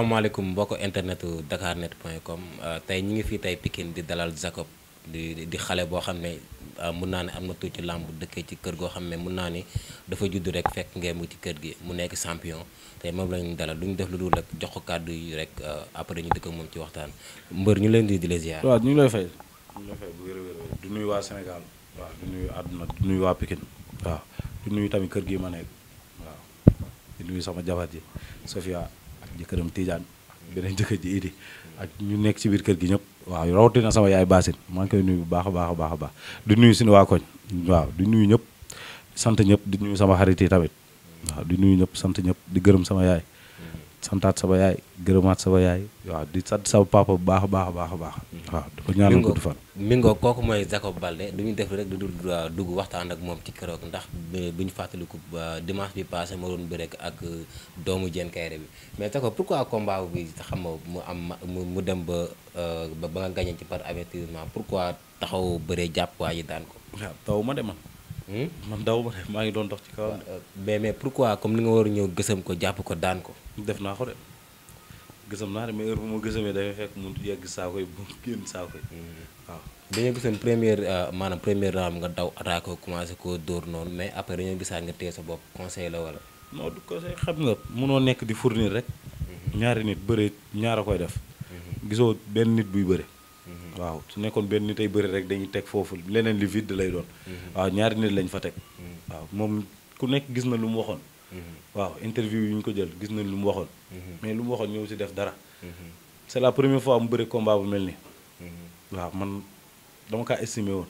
salaamaaleykum mbokk internet dakar net point com euh, tey ñu ngi fii tey Pikine di dalal Jacob di di xale boo xam ne euh, mun naa ne am na tuuti ci dëkk ci kër goo xam ne mun naa ni dafa juddu rek fekk ngeen mu ci kër gi mu nekk champion tey moom lañu dalal lu ñu def lu dul rek jox kàddu yi rek euh, après ñu dëkk moom ci waxtaan mbër ñu leen di di la ziar. waaw ñu ngi lay fay du nuyu waa Sénégal waaw du nuyu àdduna du nuyu waa Pikine waaw du nuyu tamit kër gi ma nekk waaw di nuyu sama ak jëkkëram Tidiane beneen jëkkër ji Idi ak ñu nekk ci biir kër gi ñëpp waaw rawatina sama yaay baasin maa ngi koy nuyu bu baax a baax a baax a baax du nuyu suñu waa koñ waaw di nuyu ñëpp sant ñëpp di nuyu sama xarit yi tamit waaw di nuyu ñëpp sant ñëpp di gërëm sama yaay santaat sama yaay gërëmaat sama yaay waaw di sant sama papa bu baax baax a baax a baax. Mm-hmm. waaw di ko ñaanal gudd fan. Mingo kooku mooy Jacob Balde du ñu def rek du dugg waxtaan ak moom ci keroog ndax bu ñu fàttaliku dimanche bi passé ma doon bëre ak doomu Diène Kaïré bi mais Jacob pourquoi combat bi xam nga mu am mu dem euh, ba ba nga gagné ci par avertissement pourquoi taxaw bëree jàpp waa yi daan ko. waaw ma demoon. Hmm? man daw ma maa ngi doon dox ci kawam. mais mais pourquoi comme ni nga war a ñëw gësam ko jàpp ko daan ko. def naa ko de gësam naa de mais bu ma gësamee dafay fekk mu yegg saako bu saako yi hmm. waaw. dañoo gisoon première euh, maanaam première round nga daw attaque commencé koo dóor noonu mais après dañoo gisaat nga téye sa bopp conseil la wala. non du conseil xam nga mënoo nekk di fournir rek. Hmm. ñaari nit bëre ñaara koy def. gisoo benn nit buy bëre. waaw su nekkoon benn nit ay bëri rek dañuy teg foofu leneen li vide lay doon. Mm-hmm. waaw ñaari nit lañ fa teg. Mm-hmm. waaw moom ku nekk gis na lu mu waxoon. Mm-hmm. waaw interview yu ñu ko jël gis nañ lu mu waxoon. mais lu mu waxoon ñëw si def dara. c' la première fois mu bëri combat bu mel nii. waaw man dama kaa estimé woon.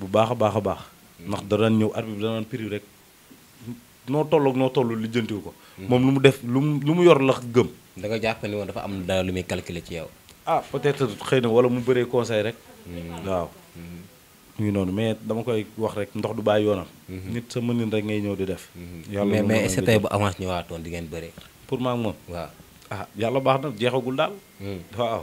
bu baax a baax a baax. ndax da ñëw arbitre bi da daan rek noo toll ak noo toll lijjantiw ko. moom lu mu def lu mu lu mu yor la gëm. da nga jàpp ne woon dafa am dara lu muy calculer ci yow. ah peut-être xëy na wala mu bëree conseil rek. waaw. ñu noonu mais dama koy wax rek ndox du bàyyi yoonam. Mhm. nit sa mënin rek ngay ñëw di def. Mhm. yàlla mais mais est-ce bu avance ñëwaatoon di ngeen bëree. pour ma moom waa ah yàlla baax na jeexagul daal. Mhm. waaw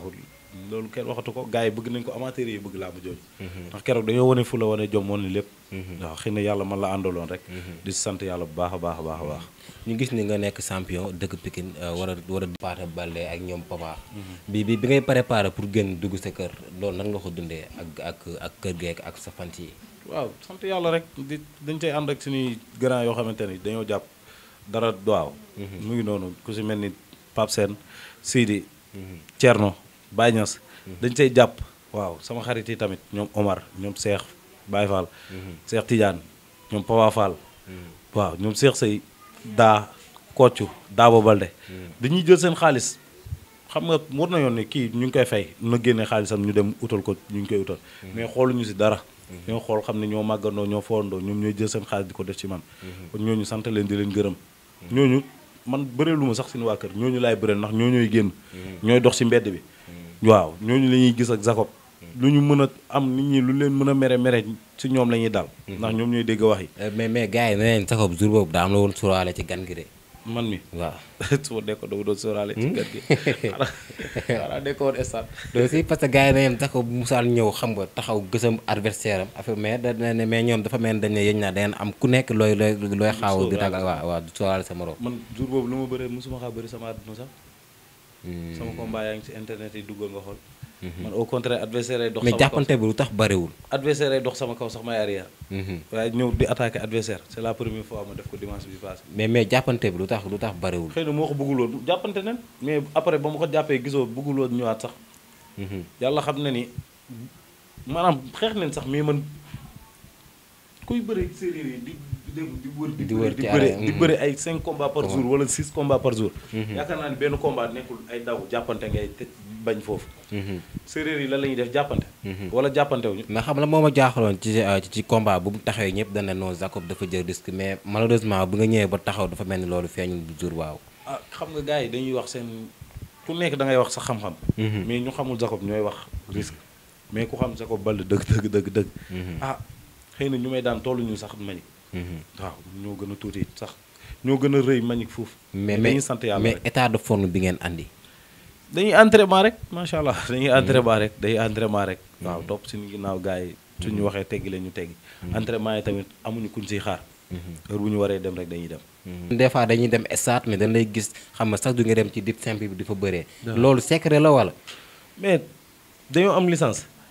loolu kenn waxatu ko gars yi bëgg nañ ko amateur yi bëgg làmb jooju mhm. ndax keroog dañoo wane fu la wane jom wane lépp mhm. waaw xëy na yàlla man la àndaloon rek mhm. di sant yàlla bu baax a baax baax a baax ñu gis ni nga nekk sampion dëkk Pikine euh, war a war a paata Baldé ak ñoom Papa bii bi bi ngay préparé pour génn dugg sa kër loolu nan nga ko dundee ak ak ak kër geek ak sa fant yi waaw sant yàlla rek di dañ cay ànd ak suñuy grand yoo xamante ni dañoo jàpp dara waaw mu ngi noonu ku si mel ni Pape Sène Sidi Thierno Baye dañ say jàpp waaw sama xarit yi tamit ñoom Omar ñoom Cheikh Baye Fall mhm. Cheikh Tidiane ñoom Papa Fall mhm. waaw ñoom seex say daa koccu Daabo Balde mhm. dañuy jël seen xaalis xam nga war na yoon ne kii ñu ngi koy fay na génne xaalisam ñu dem utal ko ñu ngi koy utal mais ñu si dara ñoo xool xam ne ñoo màggandoo ñoo foondoo ñoom ñooy jël seen xaalis di ko def ci man kon ñooñu sant leen di leen gërëm ñooñu man bëreelu ma sax seen waa kër ñooñu laay bëreel ndax ñoo ñooy génn ñooy dox si mbedd bi waaw ñooñu la ñuy gis ak Jacob lu ñu mën a am nit ñi lu leen mën a mere mere su ñoom la ñuy dal. Mhm. ndax ñoom ñooy dégg wax yi. Eh, mais mais gars yi nee nañ Jacob jour boobu daa am la woon sóoraale ci gan gi man mi waaw su ma nekkoon da nga doon sóoraale ci hmm? gan gi xanaa nekkoon instant. nga taxaw gësam adversaire am affaire mais da ne mais ñoom dafa mel dañ ne yéen naa dangeen am ku nekk looy looy looy xaaw di ragal waaw waaw du sóoraale sa morom. ma bëree bëri sama àdduna sax. Hmm. sama combat yaa ngi ci internet yi duggal nga xool. Hmm. man au contraire adversaire ay dox. sama kaw tax bariwul. adversaire ay dox sama kaw sax may arrière. Hmm. waaye ñëw di attaqué adversaire c'est la première fois ma def ko dimanche bi passé. mais mais jàppante bi lu tax lu tax bariwul. xëy na moo ko bëggul woon jàppante nañ mais après ba ma ko jàppee gisoo bëggul woon ñëwaat sax. yàlla xam na ni maanaam xeex nañ sax mais man kuy bëri séeréer yi di. di di wër di bëri di mm-hmm. ay 5 combats par jour wala 6 combats par jour. yaakaar naa ni benn combat nekkul ay daw jàppante ngay bañ foofu. Mm-hmm. séeréer yi la ñuy def jàppante. Mm-hmm. wala jàppante wu ñu. mais xam la moom a jaaxaloon euh, ci ci combat bu mu taxawee ñëpp dañ ne non Jacob dafa jël risque mais malheureusement bu nga ñëwee ba taxaw dafa mel ni loolu feeñul bu jur waaw. ah xam nga gars yi dañuy wax seen ku nekk da ngay wax sa xam-xam. mais ñu xamul Jacob ñooy wax risque. mais ku xam Jacob Baldé dëgg dëgg dëgg dëgg. ah xëy ñu may daan Mm-hmm. waaw ñoo gën a tuuti sax ñoo gën a rëy Mbagnick foofu. mais dañuy sant yàlla mais état de forme bi ngeen andi. dañuy entraînement rek macha allah mm-hmm. dañuy entraînement rek day entraînement rek. waaw topp ginnaaw gars yi suñu mm-hmm. waxee teggi la ñu teggi. entraînement yi tamit amuñu kuñ siy xaar. heure bu ñu waree dem rek dañuy dem. des fois dañuy dem stade mais dañ lay gis xam nga sax du nga dem ci di simple bi di fa bëree. loolu secret la walla mais dañoo am licence.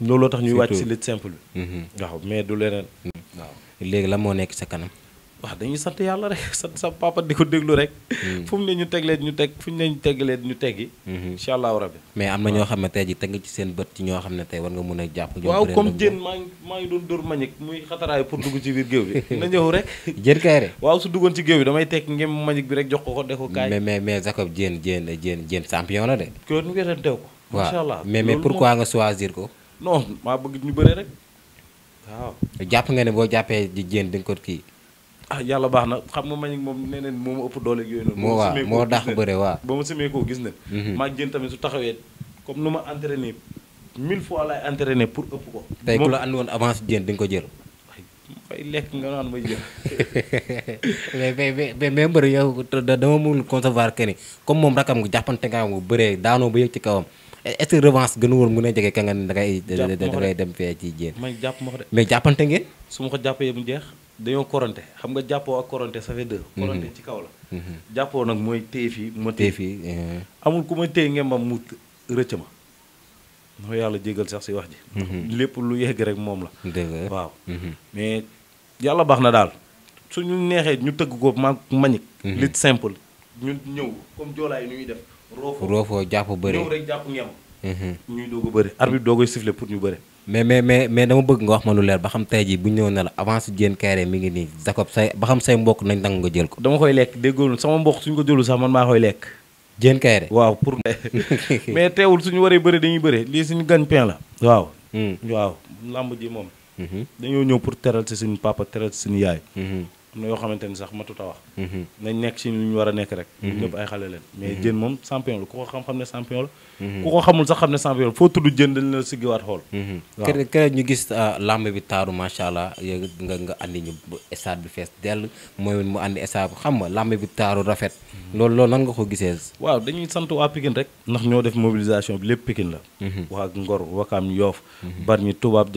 looloo tax ñuy wàcc si lutte bi. Mm-hmm. waaw mais du leneen. waaw léegi la moo nekk sa kanam. waaw dañuy sant yàlla rek sant sa papa di ko déglu rek. Mm. fu mu ne ñu teg leen ñu teg fu ñu ne teg leen ñu teggi. Mm-hmm. incha allahu rabi. mais am na ñoo xam ne tey jii teg nga ci seen bët ci ñoo xam ne tey war nga mun a jàpp. waaw comme jën maa ngi muy xataraay pour dugg ci biir géew bi na ñëw rek. jën kay rek waaw su duggoon ci géew bi damay teg ngem mañik bi rek jox ko ko def ko kaay. mais mais mais Jacob jën jën jën jën champion la de. kii woon ñu ko. macha allah ko non maa bëgg ñu bëree rek waaw. jàpp nga ne boo jàppee di jéen di ko kii. ah yàlla baax na xam na mañ moom nee neen moo ma ëpp doole ak yooyu noonu. moo waaw moo dàq bëre waaw koo gis ne. Mhm. maa su taxawee comme nu ma entraîné mille fois lay entraîné pour ëpp ko. tey ku la andi woon avance jéen di ko jël. fay lekk nga naan may jël. mais mais mais mais mbër yow dama mënul concevoir que comme moom rakam nga jàppante nga am bu bëree daanoo ba yëg ci kawam. est-ce que revanche gënu woon mën a jege ka nga ne dangay. dangay dem fee ci jéen. man jàpp ma ko de mais jàppante ngeen. su ma ko jàppee mu jeex dañoo korante xam nga jàppoo ak koronte sa fait deux. Mhm. korante ci kaw la. Mhm. jàppoo nag mooy téye fii ma téye fii. Eh. amul ku ma téye ngembam mu rëcc ma. noo yàlla jégal sax si wax ji. Mhm. lépp lu yegg rek moom la. waaw. mais yàlla baax na daal su ñu neexee ñu tëgg ko maag mañik. lit simple. ñu ñëw comme joolaay nu ñuy def. roofoo jàpp bëri ñëw rek jàpp ngeem. Mhm. bëri arbitre doog a pour ñu bëri. mais mais mais mais dama bëgg nga wax ma lu leer xam tey jii bu ñu ñëw ne la avance Diène mi ngi nii Jacob say ba xam say mbokk nañ nangu nga ko. dama koy lekk déggoon sama mbokk suñ ko jëlul sax man maa koy lekk. Diène Kairé waaw pour. mais teewul suñu waree bëri dañuy bëri lii suñu gagne-pain la. waaw. Mm. waaw làmb ji moom. Mhm. dañoo ñëw pour teral si suñu papa teral si suñu yaay. Mhm. am na yoo xamante ni sax matut a wax. Mhm. nañ nekk ci lu ñu war a nekk rek. ñun mhm. ñëpp ay xale leen. mais mhm. jën moom champion la ku ko xam-xam ne champion la. ku ko xamul sax xam ne champion la foo tudd jën dañ la siggiwaat xool. waaw keroog keroog ñu gis ah, lamb bi taaru macha allah nga nga andi ñu stade bi fees dell mooy mu andi stade xam nga lamb bi taaru rafet. loolu loolu nga ko gisee. waaw dañuy sant waa Pikine rek. ndax ñoo def mobilisation bi lépp Pikine la. waa Ngor Wakaam Yoof. Bargny Tubaab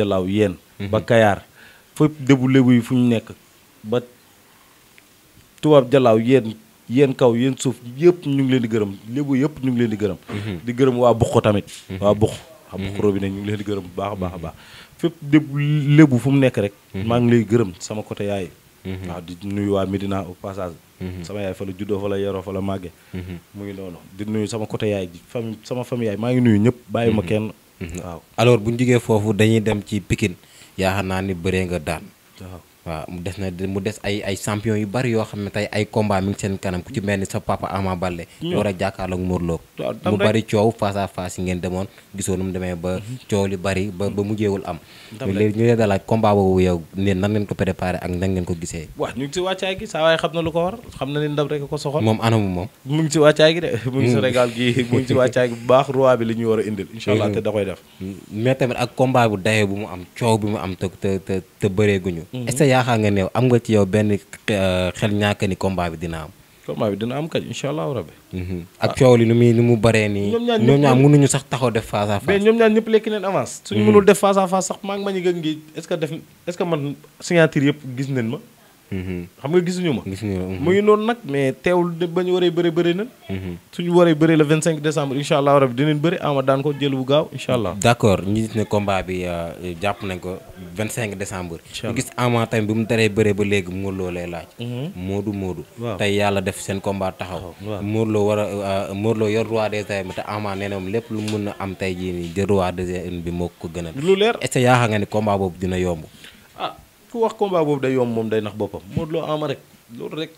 tubaab jalaaw yéen yéen kaw yéen suuf yëpp ñu ngi leen di gërëm lébu yëpp ñu ngi leen di gërëm mhm. di gërëm waa buq tamit mhm. waa buq xam mhm. buq robi ne ñu ngi leen di gërëm bu baax a baax a baax fépp lébu fu mu nekk rek maa ngi lay gërëm sama côté yaay waaw di nuyu waa midina au passage sama yaay fa la juddoo fa la yeroo fa la màgge mu ngi noonu di nuyu sama côté yaay ji fami sama famille maa ngi nuyu ñëpp bàyyi ma kenn waaw alors bu ñu jugee foofu dañuy dem ci Pikine yaakaar naa ni bëree nga daan waaw mu des na mu des ay champion yu bari yoo xam ne tey ay combat mi ngi seen kanam ku ci mel ni sa papa Ama Baldé war a jàkkaarloog Modou Lô mu bari coow face à gisoo nu mu demee ba mhm. coow li bari ba ba mujjeewul am léegi ñu leen dalaaj combat boobu yow ne nan ngeen ko préparé ak nan ngeen ko gisee waaw ñu ngi si wàccaay na lu ko war xam na ne ndam rek ko soxal moom anamu moom mu ngi si wàccaay gi de bu baax mhm. da koy def mais tamit bu mu am coow bi mu am te te te bëreeguñu mhm. yaakaar nga ne am nga ci yow benn euh, xel ñàkk ni combat bi dina am. combat bi dina am kay incha allahu rabi. Mm-hmm. ak coow li nu muy nu mu bëree nii. ñoom ñaar ñoom ñaar sax taxaw def face à face. mais ñoom ñaar ñëpp lekk neen avance. suñu mm-hmm. mënul def face à sax maa ngi ma ñu def est man signature yëpp gis nañ ma. Mm-hmm. xam nga gis ñu gisuñu ma mm-hmm. mu ngi noonu nag mais teewul ba ñu waree bëri bëri na. Mm-hmm. ñu waree bëri le 25 décembre incha allah rabi dinañ bëri ama daan ko jël bu gaaw incha allah. d' accord ne combat bi euh, jàpp nañ ko 25 décembre. ñu gis ama tamit bi mu daree bëre ba léegi Modou Lo lay laaj. Modou yàlla def seen combat taxaw. waaw Modou Lo war euh, yor roi des arènes te ama nee mun a am tey jii nii jël roi des arènes bi moo ko gënal. lu leer est ce que yaakaar nga ni combat boobu dina yomb. ku wax combat boobu day yomb moom day nax boppam Modou Lo Ama rek loolu rek.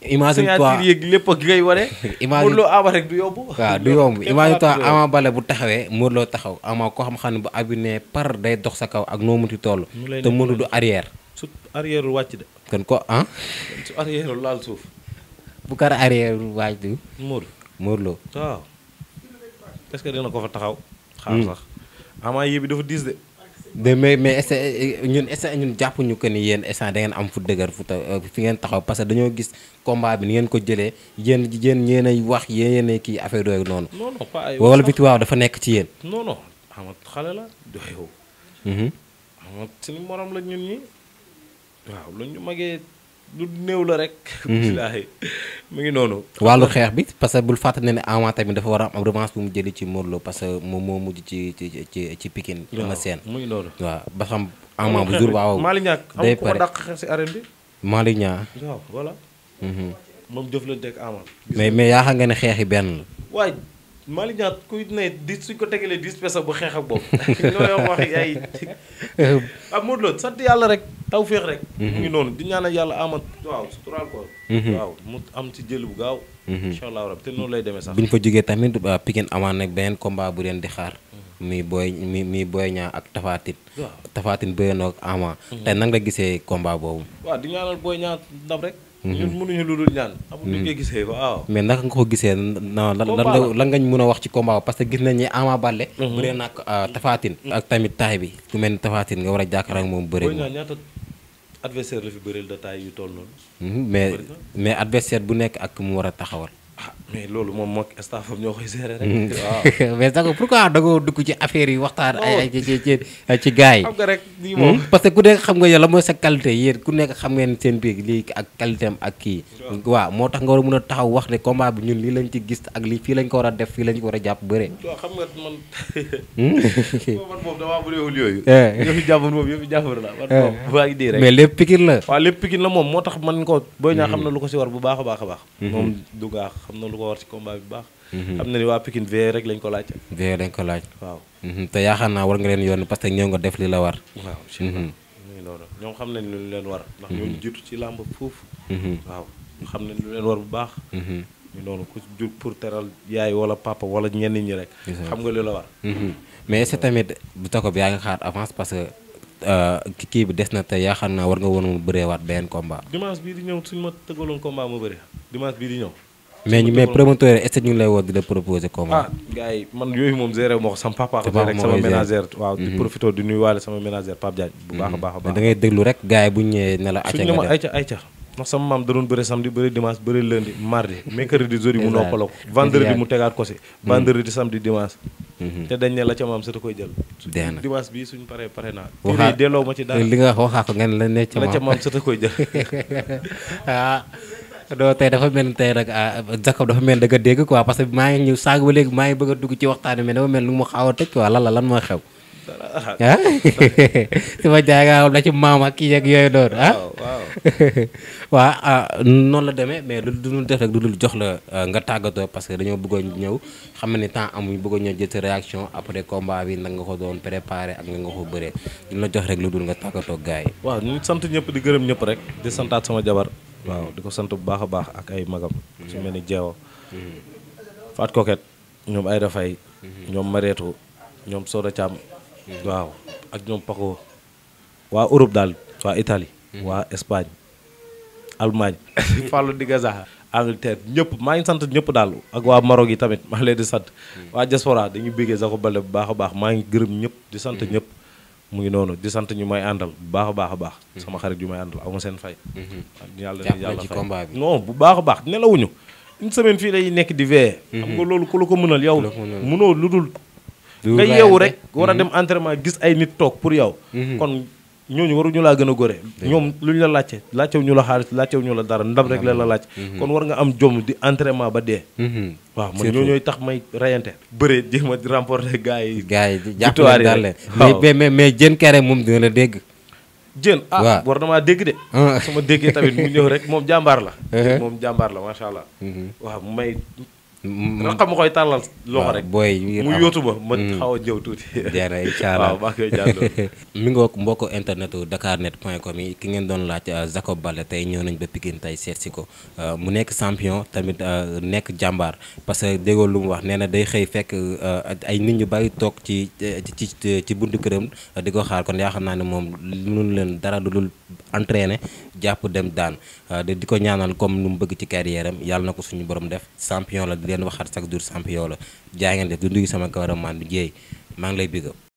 imagine toi yéeg lépp ak ngay wane. imagine Modou Lo Ama rek du yomb. waaw du bu taxawee Modou Lo taxaw Ama ko xam-xam ne bu abine par day dox sa kaw ak noo munti toll. te Modou du arrière. su arrière wàcc de. kon ko ah. su arrière laal suuf. bu kar arrière wàcc du. Modou Modou Lo waaw. est-ce que ko fa taxaw. xaar hmm. sax Ama dafa diis de. de mais mais est euh, ñun est ñun jàpp ñu que ni yéen instant da am fu dëgër fu euh, fi ngeen taxaw parce que dañoo gis combat bi ni ngeen ko jëlee yéen yéen yéen ay wax yéen ay kii affaire yooyu noonu. non non pas ay wala victoire dafa nekk ci yéen. non non xale la doyoo. xam nga suñu morom la ñun ñi waaw lu ñu magee lu néew la rek. mu ngi noonu. wàllu xeex bi parce que bul fàtta ne ne Ama tamit dafa war a am revanche bu mu jëli ci Modou Lo que moom moo mujj ci ci ci ci Pikine. waaw mu ngi noonu waaw ba xam bu jur waaw. Malick Niang am ku ko dàq xeex si arène bi. Mhm. mais mais yaa xam nga ne xeex yi benn la. Malick Niang kuy ne di suñ ko tegalee dix pesos bu xeex ak boobu loolu wax yàlla rek taw féex rek. Mhm. mu ngi noonu yàlla amat mhm. mu am ci jël bu gaaw. Mhm. incha allah lay demee sax. bu ñu fa jógee tamit Pikine amaan nag beneen combat bu leen di xaar. mi booy mi mi booy ñaa ak tafaatin waaw tafaatin bëyoon ak ama. tey nan nga gisee combat boobu. waaw di ñaanal booy ñaa ndam rek. Mm-hmm. ñun mënuñu lu ñu koy mm-hmm. gisee waaw. mais naka nga ko gisee non lan lan lan nga ñu mën a wax ci combat parce que gis nañ ne Ama Baldé. Mm-hmm. bëree na ak euh, Tapha ak tamit taay bi. ku mel ni Tapha nga war a jàkkaarloo ak moom bëree. booy ñaan ñaata adversaire la fi bëreel de taay yu toll noonu. mais mais adversaire bu nekk ak mu war a taxawal. ah mais loolu moom moo staff am ñoo koy gérer rek. Mm. waaw mais d'accord pourquoi dangoo dugg ci affaire yi waxtaan. ay ci ci ci gars yi. Hmm? moom. parce que ku nekk xam nga yow la mooy sa qualité yéen ku nekk xam ngeen seen biir lii ak qualité am ak kii. waaw moo tax nga war a mën a taxaw wax ne combat bu ñun lii lañ ci gis ak lii fii lañ ko war a def fii lañ ko war a jàpp bëre. Hmm? yooyu. Eh. yëfu jàmbur moom yëfu jàmbur la. man eh. moom mais lépp pikin la. waaw lépp pikin la moom moo tax man ko booy ñaa hmm. xam na lu ko si war bu baax a baax a baax moom du xam na lu ko war ci combat bi baax. Mhm. xam na ni waa Pikine veillé rek lañ ko laaj. veillé laaj. waaw mhm. te yaakaar naa war nga leen yoon parce que ñëw nga def li la mhm. xam nañ lu leen war. ndax ñoo ñu jiitu ci làmb xam nañ lu leen war bu baax. ñu noonu pour teral yaay wala papa wala ñenn ñi rek. xam nga li la war. mais tamit bu tax ko bi yaa ngi xaar parce que. Euh, kii bi des na te yaakaar naa war nga woon mu bëreewaat beneen combat. dimanche bii di ñëw suñ ma tëggaloon combat ma bëri dimanche bii di ñëw. mais ñu mais promoteur est ñu lay woo di la proposer comment. ah gars man yooyu moom géré wu ko sama papa. te rek sama mhm. a baax a baax rek gars bu ñëwee ne la. maam da te koy jël. waxaa ko ngeen la ne ca maam sa da koy jël ah. doo tey dafa mel tey nag ah, Jacob dafa mel da nga dégg quoi parce que maa ngi ñëw sànq ba léegi maa ngi bëgg a dugg ci waxtaan bi mais dafa mel lu mu xaaw a tëj quoi lan la lan xew ah suma jaaga la ci maam ak kii yeeg yooyu doon waaw waaw. noonu la demee mais lu dul def rek lu dul jox la nga tàggatoo parce que dañoo bëggoon ñëw xam ne temps amuñu bëggoon ñëw jël sa réaction après combat bi nag nga ko doon préparé ak nga nga ko bëree duñ la jox rek lu dul nga tàggatoo gaay yi. waaw ñu sant ñëpp di gërëm ñëpp rek di santaat sama jabar. waaw di ko sant bu baax a baax ak ay magam. su mel ni jeewo mm-hmm. faat koket ñoom ay dafay mm-hmm. ñoom mareetu ñoom waaw ak ñoom Paco waa Europe daal waa Italie. Mhm. waa Espagne Allemagne. Fallou di Gaza. Angleterre ñëpp maa ngi sant ñëpp daal ak waa Maroc yi tamit maa ngi leen di sant. Mhm. waa diaspora dañuy béggee Sakho Balde bu baax a baax maa ngi gërëm ñëpp di sant mhm. ñëpp. mu ngi noonu di sant ñu may àndal bu baax a baax baax. sama xarit yu may àndal aw ma seen fay. yàlla bu baax a baax nelawuñu. une semaine fii lay nekk di veillé. xam nga loolu ku la ko mënal yow. mënoo lu dul nga yeewu rek war a mhm. dem entraînement gis ay nit toog pour yow mhm. kon ñooñu waruñu laa gën a góore ñoom lu ñu la laajte laajtew ñu la xaalis laajtew ñu la dara ndam rek la la laaj mhm. kon war nga am jom di entraînement ba dee waaw man ñoo ñooy tax may rayante bëre jéem a remporter gars yi gars yi jàppale daal leen mais mais jën kare moom dina la dégg jën ah war na maa dégg de ah. ma déggee tamit mu ñëw rek moom jàmbaar la uh-huh. moom jàmbaar la macha allah waaw may nga mm-hmm. xam koy tàllal rek booy mu yóotu ma ma mm. xaw a jëw tuuti jara waaw maa koy jàll mi nga mbokk point com ki ngeen doon laaj uh, Jacob Baldé tey ñëw nañ ba Pikine tey seet si ko uh, mu nekk sampion tamit uh, nekk jàmbaar parce que déggoo lu mu wax nee na day xëy fekk ay nit ñu bari toog ci ci ci buntu këram di ko xaar kon yaa xam naa ne moom mënul leen dara lu dul entraîner jàpp dem daan euh, di ko ñaanal comme nu mu bëgg ci carrière am yàlla na ko suñu borom def champion la di leen waxaat chaque jour champion la jaay ngeen def du nuyu sama cameraman bi Ndiaye maa ngi lay bigg